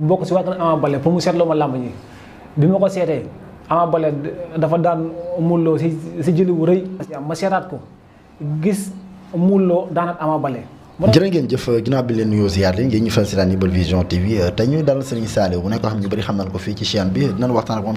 bokk si waxtaan Ama bale pour mu seetloo ma làmb ji bi ma ko seetee Ama bale dafa daan Modou Lô si si jëli bu rëy. ma seetaat ko gis Modou Lô daanaat Ama Baldé jërë ngeen jëf ginnaaw bi leen nuyoo ziar leen ngeen ñu fan si daan Imbal Vision TV euh, tey ñu dalal Serigne Saliou bu nekk ko xam ñu xam ko ak moom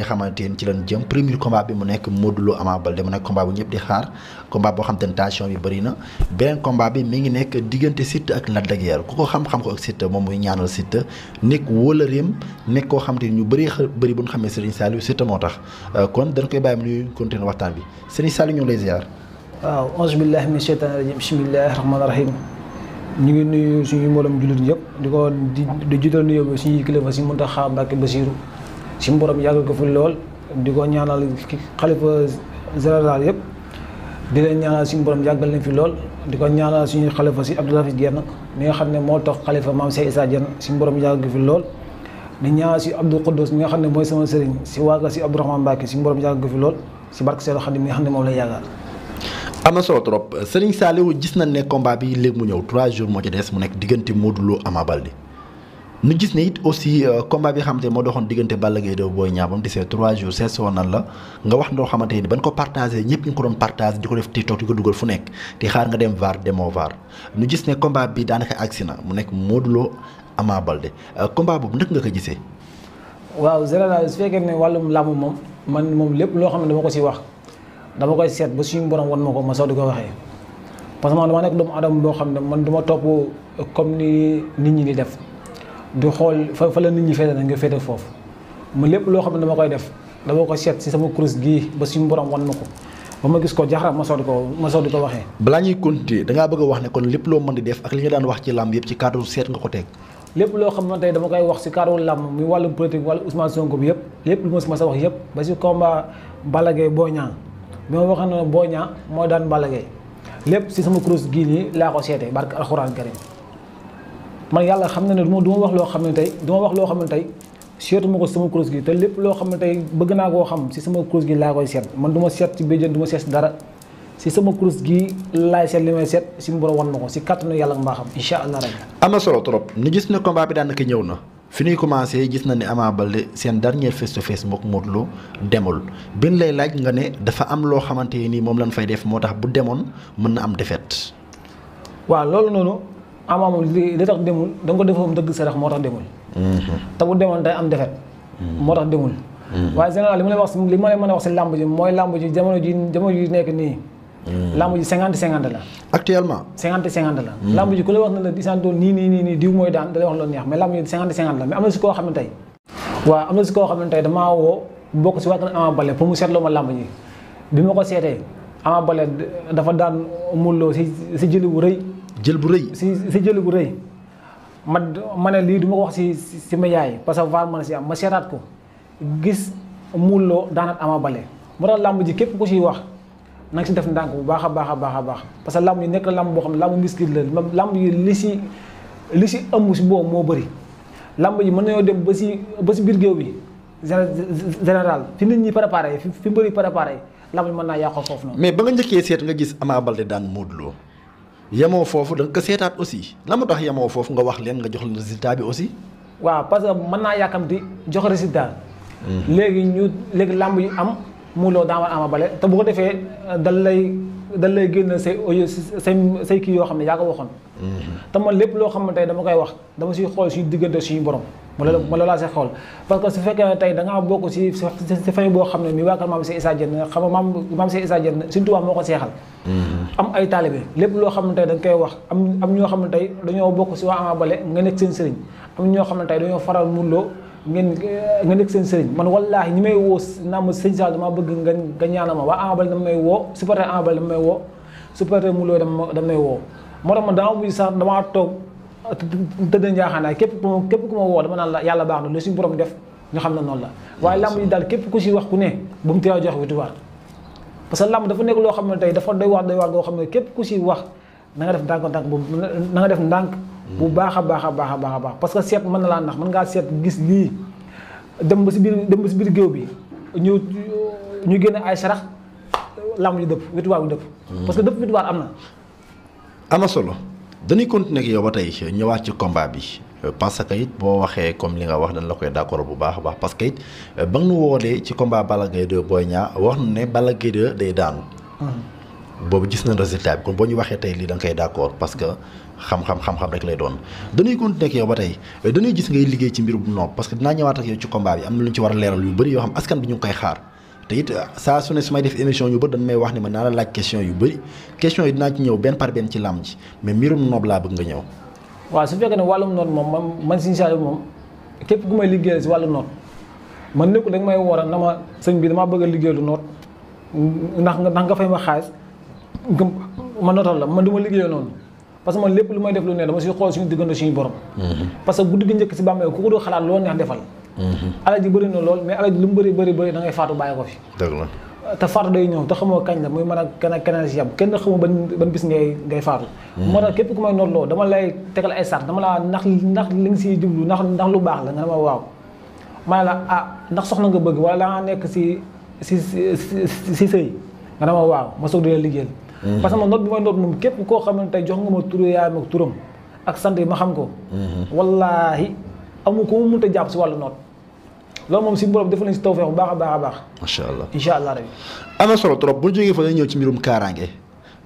xamante ni ci lañ jëm premier combat bi mu nekk nekk combat bu ñëpp di xaar combat boo xam te ne tension bi bëri na beneen combat bi ngi nekk diggante Siteu ak Lac de Guiers ku ko xam-xam ko ak Siteu moom muy ñaanal Siteu nekk wóolareem nekk koo xam ne ni ñu bëri bëri bu ñu xamee Serigne Saliou Siteu moo tax euh, kon dañ koy bàyyi mu nuyu continuer waxtaan bi Serigne Saliou ñu lay ziar waaw onze billahi min sheytaani rajim bismillahi rahmaani rahim ñu ngi nuyu suñu mbooloom jullit yëpp di ko di di jiital nuyoo bi suñuy kilifa si Muntaxa Mbàkke Basiiru si mborom yàgg ko fi lool di ko ñaanal xalifa général yëpp di leen ñaanal suñu borom yàggal nañ fi lool di ko ñaanal suñu xalifa si Abdou Latif Diène mi nga xam ne moo tax xalifa maam Cheikh Issa Diène si borom yàgg fi lool di ñaanal si Abdou nga xam ne mooy sama sëriñ si waaga si Abdourahmane Mbacke si borom yàgg fi lool si barke Seydou Khadim mi nga xam ne moom lay yàggal am na solo trop Serigne gis nañ ne combat bi léegi mu ñëw 3 jours moo ci des mu nekk diggante Modou Lo Ama Baldé ñu gis ne it aussi euh, combat bi nga xamante ne moo doxoon diggante Balla Gaye 2 Boy Niang bam desee nekk te xaar nga dem VAR demoo VAR ñu gis agsi na mu nekk Modou Lo Ama Baldé euh, combat boobu naka nga ko gisee. waaw général su fekkee ne wàllum làmb moom man moom lépp loo xam ne dama ko si wax. dama koy seet ba suñu borom wan ma ko ma sax di ko waxee parce que man dama nekk doomu aadama xam ne man du ma topp comme ni ñi di def du xool fa fa la nit ñi féete na nga féete foofu ma lépp loo xam ne dama koy def dama ko seet si sama kurus gii ba suñu borom wan ma ko ma gis ko jaxra ma soog di ko ma soog di waxee. balaa ñuy continuer da ngaa bëgg a wax ne lépp loo mën di def li nga daan wax ci làmb yëpp ci cadre seet nga ko teg. lépp loo xam ne tey dama koy wax si cadre làmb mi wàllum politique wala Ousmane Sonko bi yëpp lépp lu ma si mas a wax yëpp ba si combat Balla Gaye Boy bi ma waxoon ne Boy Niang moo daan Balla Gaye lépp si sama kurus gii nii laa ko seetee barke alxuraan karim man yàlla xam na ne du duma wax loo xam ne tey du wax loo xam ne tey seetu ma ko sama kurus gi te lépp loo xam ne tey bëgg naa koo xam si sama kurus gi laa koy seet man du ma seet ci béjjën du ma seet dara si sama kurus gii laay seet li may seet si mu borom wan ma ko si kàttanu yàlla mbaaxam incha allah. am ama solo trop ñu gis ne combat bi daanaka ñëw na. fi nuy commencé gis na ne Ama Baldé seen dernier face to face mook Modou demul bin lay laaj nga ne dafa am loo xamante nii moom lañ fay def moo tax bu demoon mën na am defet waaw loolu noonu Ama moom li li tax demul da nga ko defoon dëgg sarax moo tax demul. Mhm. te bu demoon day am défaite. Mhm. moo tax demul. Mhm. waaye général li ma lay wax li ma lay mën a wax si làmb ji mooy làmb ji jamono ji jamono ji nekk nii. Mm. lamb ji cinquante cinquante la. actuellement. cinquante cinquante la. Mm. lamb ji ku la wax na la di sant nii nii nii nii diw mooy daan da lay wax la neex mais la mais am na si koo xam ne tey. waaw am na koo xam ne damaa bokk si waxtaan Ama Baldé pour mu seetloo ma lamb ji bi ma ko seetee Ama Baldé dafa daan muloo si si jëli bu rëy. jël bu rëy si si jëli bu rëy. ma ma ne lii du ma ko wax si si média yi parce que vaar mën na am ma seetaat ko gis muloo daanat Ama Baldé moo tax lamb ji képp ku siy wax. na si def ndànk bu baax a baax a baax a baax parce que làmb yi nekk la làmb boo xam làmb miskil la li si li si ëmb si boobu moo bëri làmb yi mën nañoo dem ba si ba si biir géew bi général fi nit ñi préparé fi mbëri préparé làmb yi mën naa yàqoo foofu noonu mais ba nga njëkkee seet nga gis amaa Baldé daan Modou Lo yemoo foofu da ko seetaat aussi la ma tax yemoo foofu nga wax leen nga jox leen bi aussi waaw parce que mën naa yàkkamti jox résultat hmm. léegi ñu léegi làmb yu am Modou Lo daa war Ama Baldé te bu ko defee euh, dal lay dal lay génn say audio euh, say say kii yoo xam ne yaa ko waxoon. Mm-hmm. te man lépp loo xamante ne dama koy wax dama siy xool suñu suñu borom. ma loolu ma loolu laa xool parce que su fekkee ne tey da ngaa bokk si boo xam ne mi waa kër maam si ko seexal. Mm-hmm. am ay taalibe lépp loo xam ne tey da koy wax am am ñoo xam ne tey dañoo bokk si waa Ama Baldé nga nekk seen sëriñ am ñoo xam ne tey dañoo faral Modou Lo ngeen nga nekk seen sëriñ man wallaahi ñi may woo naa ma sëñ Sall damaa bëgg nga nga ñaanal ma waa Ama Baldé dama may woo supporter Ama Baldé dama may woo supporter Modou Lô dama dama may woo. moo tax man damaa mujj sax damaa toog tëdd njaaxaanaay képp ku ma képp ku ma woo dama naan la yàlla baax na lu suñu borom def ñu xam ne noonu la waaye làmb yi daal képp ku si wax ku ne bu mu teew jox victoire parce que làmb dafa nekk loo xam ne tey dafa doy wax doy waar goo xam ne képp ku si wax na nga def ndànk ndànk boobu na nga def ndànk bu baax a baax a baax a baax a baax parce que seet mën na laa ndax mën ngaa seet gis lii dem ba si biir dem si biir géew bi ñu ñu génne ay sarax lamb ji dëpp victoire bi dëpp. parce que dëpp victoire am na. am na solo dañuy continuer ak yow ba tey ñëwaat ci combat bi. parce que it boo waxee comme li nga wax dañ la koy d'accord bu baax a baax parce que it ba nu woolee ci combat bala Gaye 2 Boy Niang wax na ne bala Gaye 2 day daanu. boobu gis na résultat bi kon boo ñu waxee tey lii da nga koy d'accord parce que xam-xam xam rek lay doon dañuy continuer ak yow ba tey euh, dañuy gis ngay liggéey ci mbirum nopp parce que dinaa ñëwaat ak yow ci combat bi am na lu ñu ci war a leeral yu bëri yoo xam askan bi ñu koy xaar te it euh, saa su ne su may def émission yu bëri dañ may wax ni ma naa la laaj question yu bëri question yi dinaa ci ñëw benn par benn ci làmb ji mais mbirum nopp laa bëgg nga ñëw waaw su fekkee ne wàllum noot moom man man Serigne Saliou moom képp ku may liggéeyal si wàllu man nekkul da may war a na ma bi damaa bëgg a liggéeyalu noot ndax nga ndax nga fay ma xaalis man nootal la man du ma liggéeyal noonu parce que man lépp lu may def lu ne dama si xool suñu diggante suñu borom parce que guddi gi njëkk si bàmmeel ku ko doo xalaat loo neex defal alal ji bëri na lool mais alal ji lu mu bëri bëri bëri da ngay faatu bàyyi ko fi dëgg te faatu day ñëw te xamoo kañ la muy man a kan ak keneen si yàb kenn xamoo ban ban bis ngay ngay faatu moo tax ku may noot loo dama lay tegal ay sart dama laa nax nax li nga siy jublu nax ndax lu baax la nga dama waaw ma la ah ndax soxna nga bëgg wala la nekk si si si si sëy waaw ma soog di Mm-hmm. parce que man noot bi mooy noot moom képp koo xam ne tey jox nga ma turu yaayam ak turam ak sant yi ma xam ko. Mm-hmm. wallaahi amu ko mu mënut a jàpp si wàllu noot. loolu moom si borom def nañ si tawfeex bu baax a baax a baax. macha allah incha allah rabbi. am na solo trop bu jógee fa dañuy ñëw ci mbirum kaaraange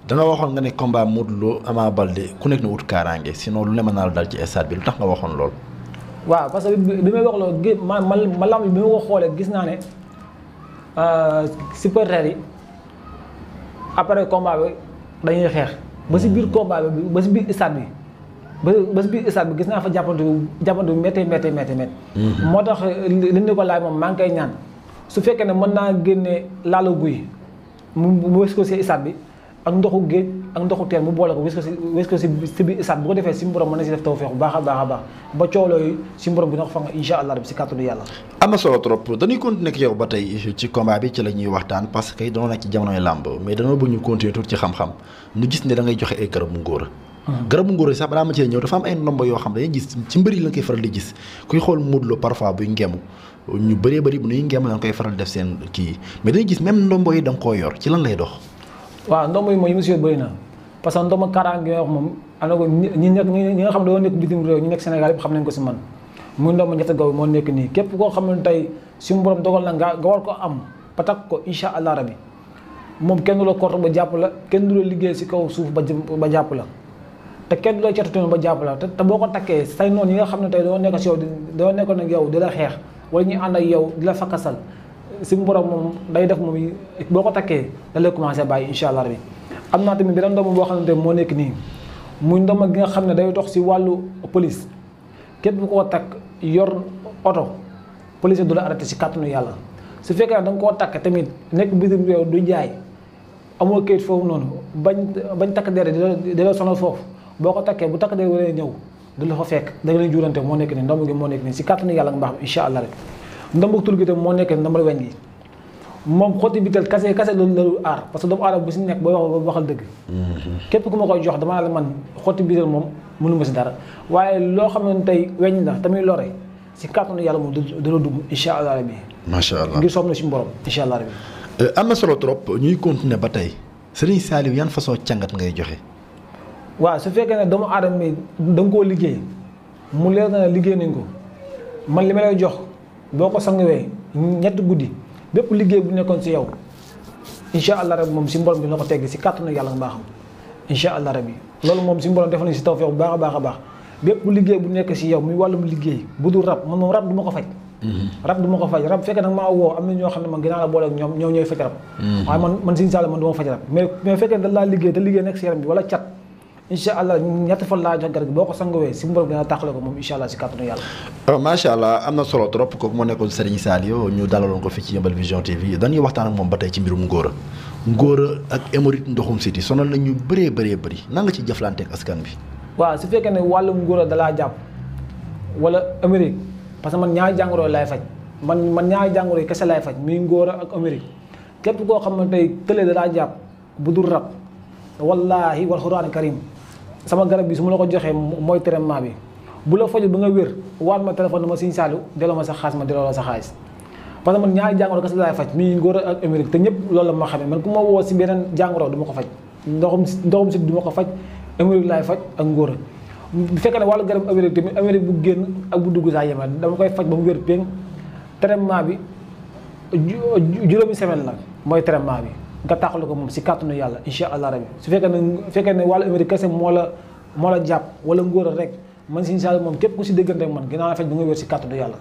danga waxoon nga ne combat Modou Lo Ama Baldé ku nekk na wut kaaraange si sinon lu ne mën naa la dal ci stade bi lu tax nga waxoon lool. waaw parce que bi may wax loolu ma ma ma lam bi ma gis naa euh, après combat bi dañuy xeex ba si biir combat bi ba si biir stade bi ba ba si biir stade bi gis naa fa jàppantu jàppantu métti métti métti métti. Mhm. moo tax li ni ko laaj moom maa ngi koy ñaan su fekkee ne mën naa génne laalo guy mu mu wës ko si stade bi. ak ndoxu géej ak ndoxu teen mu boole ko wis ko si wis ko si si bu ko defee si borom mën na si def tawfeex bu baax a baax a baax ba cooloo yi si borom bi na ko fa nga incha solo trop dañuy continuer ak yow ba tey ci la ñuy waxtaan parce que danoo nekk ci jamonoy làmb mais danoo bëgg ñu continuer tuuti ci xam-xam ñu gis ne da ngay joxe ay garabu ngóor hmm. garabu ngóor ay ndomba yoo xam ne dañuy gis ci mbëri la koy faral di gis kuy xool Modou Lo parfois buy ngemu bëri bu nuy ngemu lañ koy faral def seen kii yi da nga yor ci lan lay dox waaw ndoom yi mooy yi mu siyoo bëri na parce que ndoom ak kaaraange yi wax moom ana ko ñi nekk ñi nga xam ne doo nekk bitim réew ñu nekk Sénégal yëpp xam nañ ko si man muy nekk nii képp koo xam ne tey suñu borom dogal na nga nga war ko am ba takk ko incha allah rabi moom kenn du la kort ba jàpp la kenn du la liggéey si kaw suuf ba jëm ba jàpp la te kenn du la cetatuñu ba jàpp la te boo ko takkee say noonu yi nga xam ne tey doo nekk si yow doo nekkoon ak yow la xeex wala ñu ànd yow di la fakkasal suñu borom moom day def moom boo ko takkee da lay bàyyi incha allah rabbi am naa tamit beneen ndoom boo xamante ne moo nekk nii muy ndoom gi nga xam ne day dox si wàllu police képp bu ko takk yor oto police du la arrêté si kàttanu yàlla su fekkee da nga koo takk tamit nekk bitim du jaay amoo kayit noonu bañ bañ takk der di la sonal foofu boo ko takkee allah rek ndambu tur gi tam moo nekkee dama weñ gi moom xotti bi tal kase kase loolu la aar parce que doomu aadama bu si nekk booy wax waxal dëgg. Mm-hmm. képp ku ma koy jox damaa la man xotti bi tal moom mënu ma si dara waaye loo xam ne tey weñ la tamit lore si kàttanu yàlla moom du la dugg incha allah rabi. macha allah ngir soob na si borom incha allah rabi. Euh, am na solo trop ñuy continuer ba tey Serigne Saliou yan façon càngat ngay joxe. waaw su fekkee ne doomu aadama bi da koo liggéey mu leer na liggéey nañ ko li ma jox. boo ko sanguwee ñett guddi bépp liggéey bu nekkoon si yow incha allah rabi moom si mborom bi na ko tegg si kàttanu yàlla mbaaxam incha allah rabi loolu moom si mborom defal nañ si tawfeex bu baax a baax a baax bépp liggéey bu nekk si yow muy wàllum liggéey bu dul rab moom rab du ma ko faj mm-hmm. rab du ma ko faj rab fekk nag maa woo am na ñoo xam ne man ginnaaw la boole ak ñoom ñoo ñooy faj rab mm-hmm. waaye man man sin sall man du faj rab mais mais incha allah ñetti fan laa jox garab boo ko sangawee si mbooloo dina tàqale ko moom incha allah si kàttanu yàlla. Euh, macha allah am na solo trop kooku moo nekkoon Serigne Saliou ñu dalaloon ko fii ci Yeumbeul Vision TV dañuy waxtaan ak moom ba tey ci mbirum na ñu bëree bëree bëri na nga ci jëflanteeg askan bi. waaw su fekkee ne wàllum ngóora dalaa jàpp wala émorite parce que man ñaari jàngoro lay faj man man ñaari jàngoro kese laay faj muy ngóora ak émorite képp koo xam ne tey kële dalaa jàpp bu dul rab wallaahi wal xuraan karim sama garab bi su ma la ko joxee mooy traitement bi bu la fajul ba nga wér waat ma téléphone ma Sëñ Saliou delloo ma sa xaalis ma delloo la sa xaalis parce que man ñaari jàngoro kese laay faj mii ngóor ak Amérique te ñëpp loolu la ma xamee man ku ma woo si beneen jàngoro du ma ko faj ndoxum ndoxum si du ma ko faj Amérique laay faj ak ngóor bu fekkee ne wàllu garab Amérique tamit Amérique bu génn ak bu dugg saa yemal dama koy faj ba mu wér péng traitement bi juróomi semaine la mooy traitement bi nga taxalu ko moom si kàttanu yàlla incha allah rabi su fekkee ne fekkee ne wàllu Amérique kese moo la moo la jàpp wala ngóor rek man si incha allah moom képp ku si déggante man ginnaaw la fekk da nga si kàttanu yàlla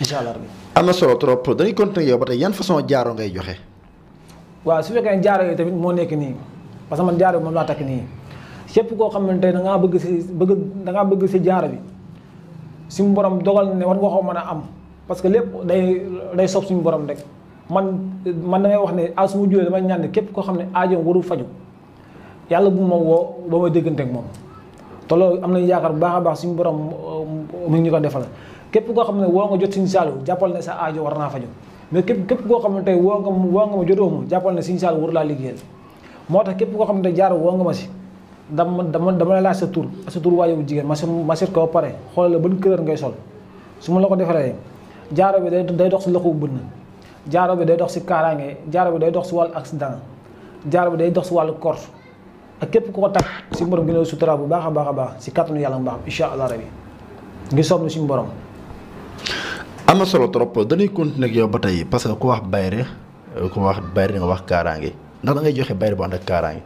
incha allah am na solo trop dañuy continuer ba tey yan façon jaaro ngay joxe. waaw su fekkee ne jaaro yi tamit moo nekk nii parce que man jaaro bi moom laa takk nii képp koo xamante ne da ngaa bëgg si bëgg danga ngaa bëgg si jaaro bi suñu borom dogal ne war nga ko mën a am parce que lépp day day sob suñu borom rek man man damay wax ne ah su ma jógee damay ñaan képp koo xam ne aajo warul faju yàlla bu ma woo ba ma déggante ak moom te loolu am na yaakaar bu baax a baax suñu borom euh, mu ñu ko defal képp koo xam ne woo nga jot suñu saalu jàppal ne sa aajo war naa faju mais képp képp koo xam ne woo nga woo nga ma jotoo ma jàppal ne suñu saalu waru laa liggéeyal moo tax képp koo xam ne da jaar woo nga ma si dama dama dama la laaj sa tur sa tur waaye bu jigéen ma se ma seet ko ba pare xoolal la ban couleur ngay sol su ma la ko defaree jaaro bi day dox si loxo bu bënn jaaro bi day dox si kaaraange jaaro bi day dox si wàllu accident jaaro bi day dox si wàllu kort ak képp ku ko tax si borom gën a sutura bu baax a baax a baax si kattanu yàlla mu baax incha allah rabi ngi soob suñu borom. am na solo trop dañuy continuer ak yow ba tey parce que ku wax bayre ku wax bayre nga wax kaaraange ndax da ngay joxe bayre bu ànd ak kaaraange.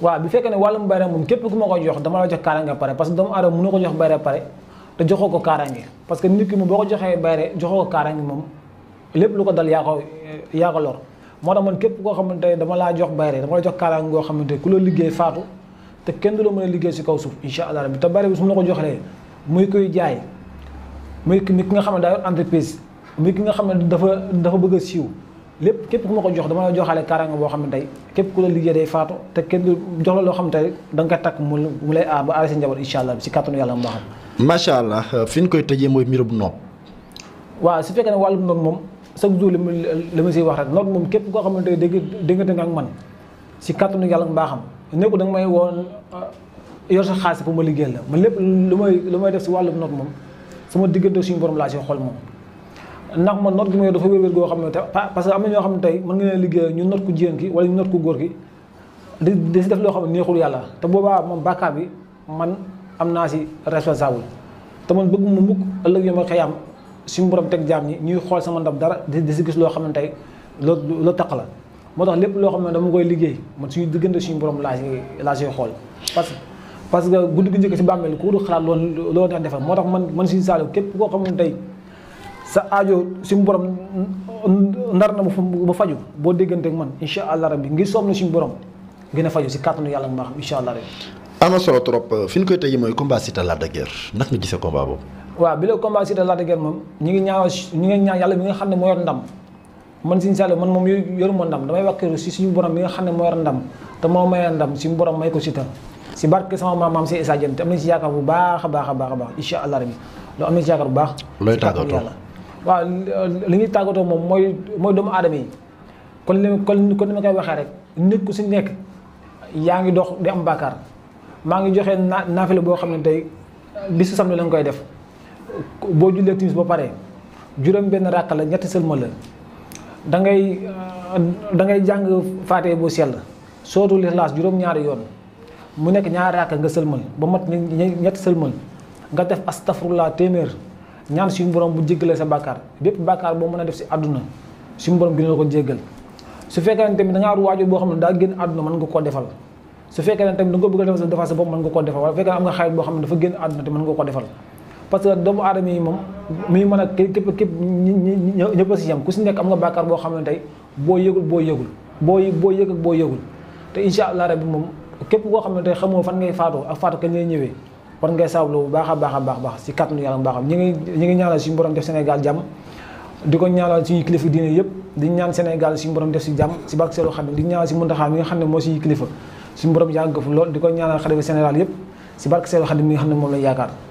waaw bu fekkee ne wàllum bayre moom dama la jox kaaraange parce que doomu aadama mënu ko jox bayre pare te joxoo ko kaaraange parce que nit ki moom boo ko joxee bayre joxoo ko kaaraange moom lépp lu ko dal yaa ko yaa ko lor moo tax man képp koo xamante ne dama laa jox bayre dama la jox kaaraange goo xamante ne ku la liggéey faatu te kenn du la mën liggéey si kaw suuf incha allah rabbi te ko joxee muy koy jaay muy ki nga xam ne daa yor ki nga xam ne dafa dafa bëgg a lépp képp ku ko jox dama la joxaale boo xam ne tey képp ku la liggéey day faatu te kenn du jox la loo xam tey da nga koy takk mu mu lay aar ba aar si njaboot incha allah si kàttanu yàlla mu baaxam. macha allah fi ñu koy tëjee mooy mbirum nopp. waaw moom chaque jour li ma li ma siy wax rek noot moom képp koo xamante ne dégg déggante nga ak man si kàttanu yàlla mbaaxam nekku da nga may woon uh, yor sa xaalis pour ma liggéey la man lépp lu may lu may def si wàllum noot moom sama diggante suñu borom laa si xool moom. ndax ma noot gi may dafa wér-wér goo xam ne parce que am na ñoo xam ne tey mën nga leen liggéey ñu noot ku jigéen ki wala ñu noot ku góor ki di di si def loo xam ne neexul yàlla te boobaa moom bàkkaar bi man am naa si responsable te man bëgg mu mukk ëllëg ma xëy am suñu borom teg jaam yi ñuy xool sama ndab dara di si gis loo xam ne tey loo loolu taq la moo tax lépp loo xam ne dama koy liggéey man suñu diggante suñu borom laa si laa si xool parce que parce que guddi gi njëkk si bàmmeel ku dul xalaat loolu loolu neex defal moo tax man man si saalo képp koo xam ne tey sa aajo suñu borom ndar na ba faju boo déggante man incha allah rabbi ngir soom na suñu borom gën a faju si kàttanu yàlla nga xam incha allah rabbi am na solo trop fi ñu koy tëjee mooy combat Siteu Lac de Guiers naka nga gisee combat boobu. waaw bi la combat moom ñu ngi ñaaw ñu ngi ñaan yàlla mi nga xam ne moo yor ndam man Serigne Saliou man ndam damay wàkkeeru si suñu borom mi nga xam ne moo yor ndam te borom may ko Siteu si barke sama maam maam si Issa Dieng te si yaakaar bu baax a baax a baax a baax incha allah rabi loolu am nañ si yaakaar bu baax. looy tàggatoo yàlla waaw li ñuy tàggatoo moom mooy mooy doomu aadama yi kon li kon ni ma koy waxee rek nit ku si nekk yaa ngi dox di am bàkkaar maa ngi joxe na naafila boo xam ne tey bisu samedi la nga koy def boo jullee timis ba pare juróom benn ràkk la ñett sëlma la da dangay euh, jàng faatee bu sell sootul Ixlaas juróom-ñaari yoon mu nekk ñaari ràkk nga sëlmal ba mat ñett sëlmal nga def astafurlaa téeméer ñaan suñu borom bu jéggalee sa bàkkaar bépp bàkkaar boo mën a def si àdduna suñu borom bi na la ko jéggal su fekkee ne tamit da ngaa war waajur boo xam ne daa génn àdduna mën nga koo defal su fekkee ne tamit te mën nga koo defal parce que doomu aadama yi moom a képp képp ñëpp si yam ku nekk am nga bàkkaar boo xam ne boo yëgul boo yëgul boo boo yëg ak boo yëgul te incha allah rabbi moom képp koo xam ne xamoo fan ngay faatoo ak faatu ñëwee war ngay saablo bu a baax a baax si kàttanu yàlla bu baax ñu ngi ngi ñaanal suñu borom def Sénégal jàmm di ko ñaanal suñu kilifa diine yëpp di ñaan Sénégal suñu borom def si jàmm si barke seelu xam di ñaanal si Muntaxa mi nga xam ne moo siy kilifa si borom yàgg ko fi lool di ko ñaanal xalifa général yëpp si barke Seydou Khadim mi xam ne moom la yaakaar